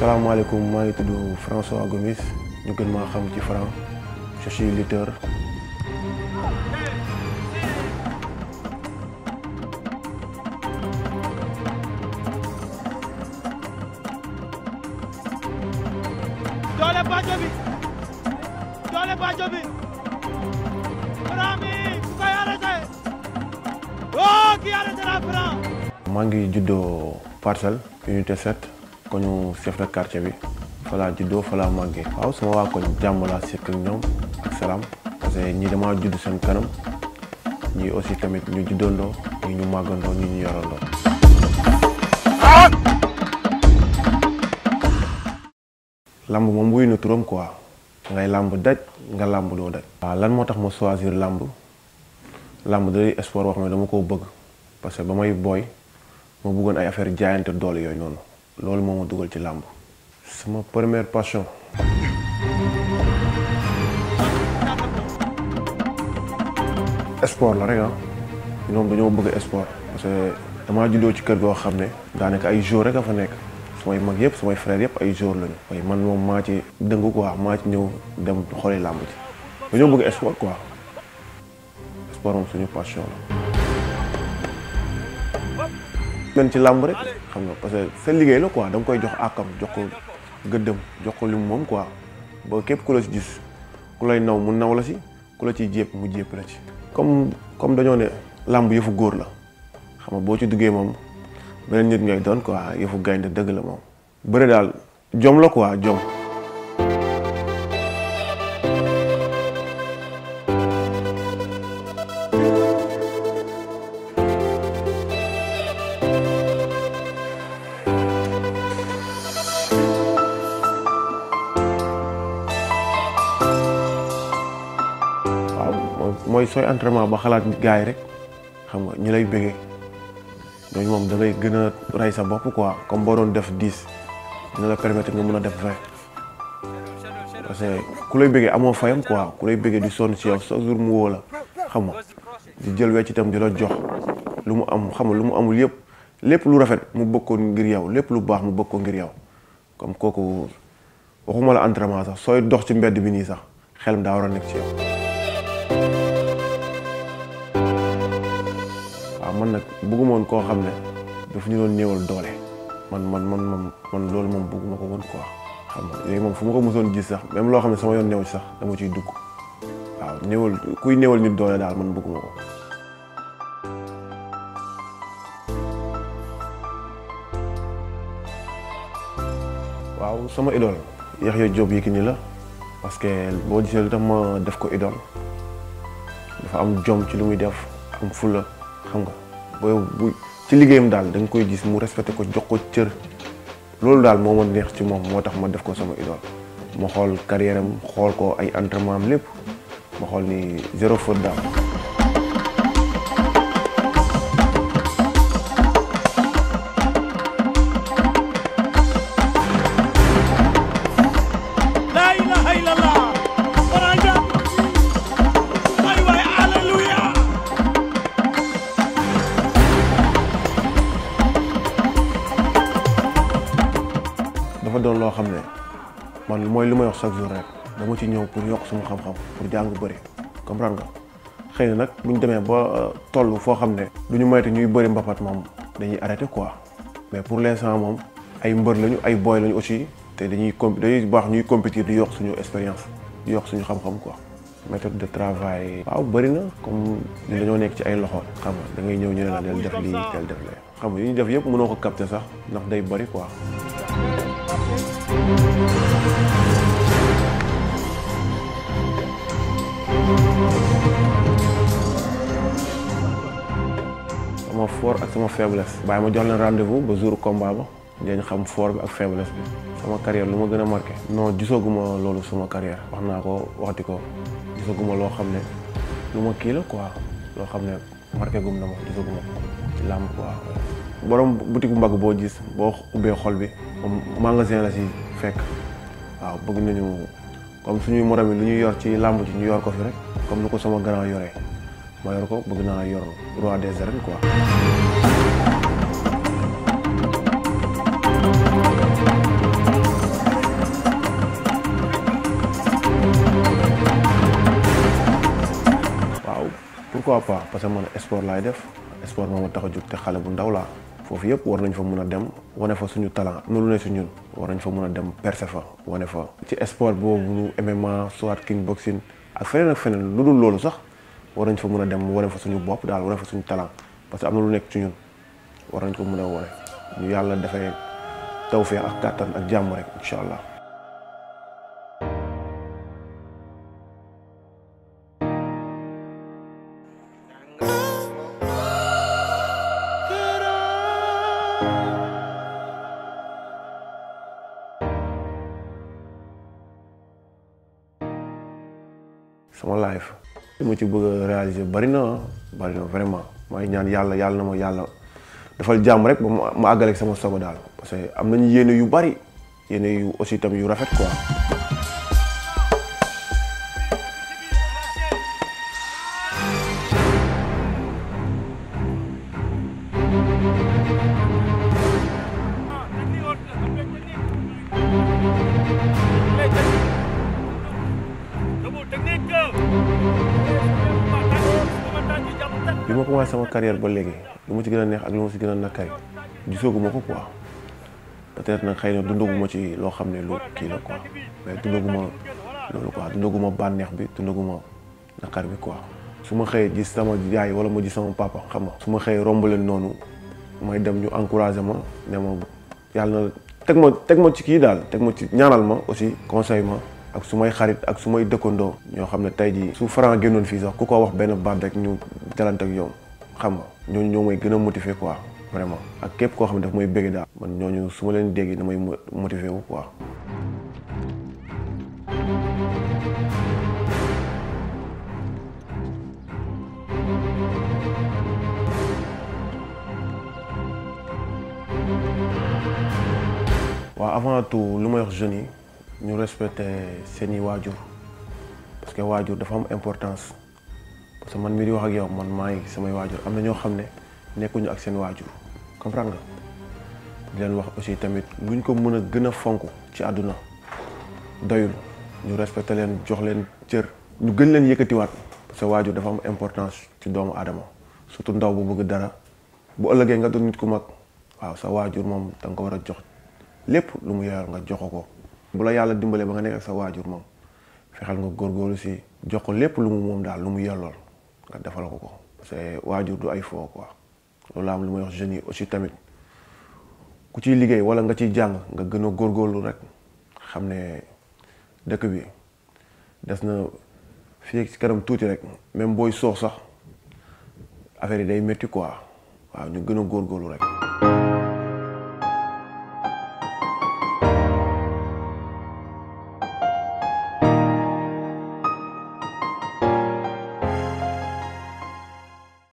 salaamaaleykum maa ngi tudd François Gomis ñu gën maa xam ci Franc je suis doole baajo ale bi Franc bi ku koy arrêté woo oh, kii arrêté na Franc maa ngi juddoo parcel unité 7 koñu chef de quartier bi fa laa juddoo fa laa màggee waaw sama waa koñ jàmm laa sekk ñoom ak salaam parce que ñi dama judd seen kanam ñi aussi tamit ñu juddoondoo ñi ñu màggandoo ñi ñu yorandoo lamb moom wuyu na turam quoi ngay làmb daj nga làmb doo daj. waaw lan moo tax ma choisir làmb làmb day sport boo xam ne dama koo bëgg parce que ba may booy ma bëggoon ay affaire jaayante doole yooyu noonu loolu moo ma dugal ci làmb. sama première passion. sport la rek ah ñoom dañoo bëgg sport parce que damaa juddoo ci kër goo xam ne daanaka ay jours rek a fa nekk. sumay mag su may frère yëpp ay jour lañu waaye man moom maa ci dëngu quoi maa ci ñëw dem xooli làmb ji dañoo bëgg sport quoi sport moom suñu passion la. men ci làmb rek xam nga parce que sa liggéey la ko da nga koy jox àkkam jox ko gëddëm jox ko lim mu moom quoi ba képp ku la si gis ku lay naw mu naw la si ku la ciy jépp mu jépp la ci. comme comme dañoo ne làmb yëfu góor la xam nga boo ci duggee moom. beneen nit ngay doon quoi yëfu gaynde dëgg la moom bëre daal jom la quoi jom. mooy sooy entraînement ba xalaat gars yi rek xam nga ñu lay bëggee. ñooñu moom da lay gën a rey sa bopp quoi comme boo doon def dix dina la permettre nga mën a def vingt parce que ku lay bëggee amoo fayam quoi ku lay bëggee di sonn ci yow chaque mu woo la xam nga di jël wecc itam di la jox lu mu am xam lu mu amul yëpp lépp lu rafet mu bëggoon ngir yow lépp lu baax mu bëggoon ngir yow comme kooku waxuma la entraînement sax sooy dox ci mbedd bi nii sax xelam daa war a nekk ci yow. man nag bëgguma woon koo xam ne daf ñu doon néewal doole man man man man man loolu moom bëgguma ko woon quoi xam nga léegi moom fu ma ko mësoon gis sax même loo xam ne sama yoon néew sax dama ciy dugg waaw néewal kuy néewal nit doole daal man bëgguma ko. waaw sama idole Yaxya Jóob nii la parce que boo gisee lu tax ma def ko idole dafa am jom ci lu muy def am fulla xam nga ba bu ci liggéeyam daal da koy gis mu respecté ko jox ko cër loolu daal moo ma neex ci moom moo tax ma def ko sama idole ma xool carrière xool ko ay entraînement lépp ma xool nii zéro faute daal. man mooy li may wax chaque jour rek dama ci ñëw pour yokk suma xam-xam pour jàng bëri comprendre nga xëy na nag bu ñu demee ba euh, toll foo xam ne du ñu moytu ñuy bëri mbapat moom dañuy arrêté quoi mais pour l'instant moom ay mbër lañu ay booy lañu aussi te dañuy comp dañuy baax ñuy compétir di yokk suñu expérience di yokk suñu xam-xam quoi méthode de travail waaw bari na comme ni dañoo nekk ci ay loxo xam nga dangay ngay ñëw ñu ne la del def lii del def lee xam nga ñu def yëpp mënoo ko capter sax ndax day bëri quoi sama foor ak sama faiblesse bàyyi ma jox leen rendez-vous ba jour combat ba ngeen xam foor bi ak faiblesse bi sama carrière lu ma gën a marqué non gisaguma loolu suma carrière wax naa ko waxati ko gisaguma loo xam ne lu ma kii la quoi loo xam ne marqué gum na ma gisaguma ci làmb quoi borom mbagg boo gis boo ubbee xol bi magasin la si fekk waaw bëgg nañu comme suñuy morom yi lu ñuy yor ci làmb ji ñu yor ko fi rek comme ni ko sama grand yoree ma yor ko bëgg naa yor roi des arènes quoi. waaw pourquoi pas parce que man sport laay def sport moo ma tax a jóg te xale bu ndaw laa. foofu yëpp war nañ fa mën a dem wane fa suñu talent nu lu ne si ñun war nañ fa mun a dem perce fa wane fa ci sport boobu MMA soit kickboxing ak feneen ak feneen lu dul loolu sax war nañ fa mun a dem wane fa suñu bopp daal wane fa suñu talent parce que am na lu nekk ci ñun war nañ ko mën a wane ñu yàlla dafay tawfeex ak kattan ak jàmm rek incha sama life li ma ci bëgg a réaliser bari na bari vraiment maa ngi ñaan yàlla yàlla na ma yàlla defal jàmm rek ba ma àggaleeg sama sogo daal parce que am nañu yéene yu bari yéene yu aussi tam yu rafet quoi. bi ma commencé sama carrière ba léegi lu ma ci gën a neex ak lu ma ci gën a nakari gisoogu ma ko quoi peut-être nag xëy na dundaguma ci loo xam ne lu kii la quoi mais dundaguma loolu quoi dundaguma bànneex bi dundaguma nakar bi quoi. su ma xëyee gis sama yaay wala ma ji sama papa xam nga. su ma xëyee romb leen noonu may dem ñu encouragé ma ne ma yàlla na teg ma teg ma ci kii daal teg ma ci ñaanal ma aussi conseil ma. ak su may xarit ak su may dëkkandoo ñoo xam ne tey jii su Franc génnoon fii sax ku ko wax benn baat rek ñu jalante ak yow xam nga ñooñu ñoo may gën a motiver quoi vraiment ak képp koo xam ne daf may bëgg daal man ñooñu su ma leen déggee damay motiver wu quoi. waaw avant tout lu may wax jeunes yi. ñu respecté seeni waajur parce que waajur dafa am importance parce que man mii di wax ak yow man maa ngi samay waajur am na ñoo xam ne nekkuñu ak seen waajur comprendre nga. leen wax aussi tamit luñ ko mën a gën a fonk ci àdduna doyul ñu respecté leen jox leen cër ñu gën leen yëkkatiwaat parce que waajur dafa am importance ci doomu aadama surtout ndaw bu bëgg dara bu ëllëgee nga doon nit ku mag waaw sa waajur moom da nga ko war a jox lépp lu mu yor nga jox ko. bu la yàlla dimbalee ba nga nekk ak sa waajur moom fexel nga góor góorlu si jox ko lépp lu mu moom daal lu mu yellool nga defal ko ko parce que waajur du ay foo quoi loolu am lu may wax jeunes yi aussi tamit ku ciy liggéey wala nga ciy jàng nga gën a góorgóorlu rek xam ne dëkk bi des na fii ci kanam tuuti rek même booy soox sax affaire yi day métti quoi waaw ñu gën a góor góorlu rek.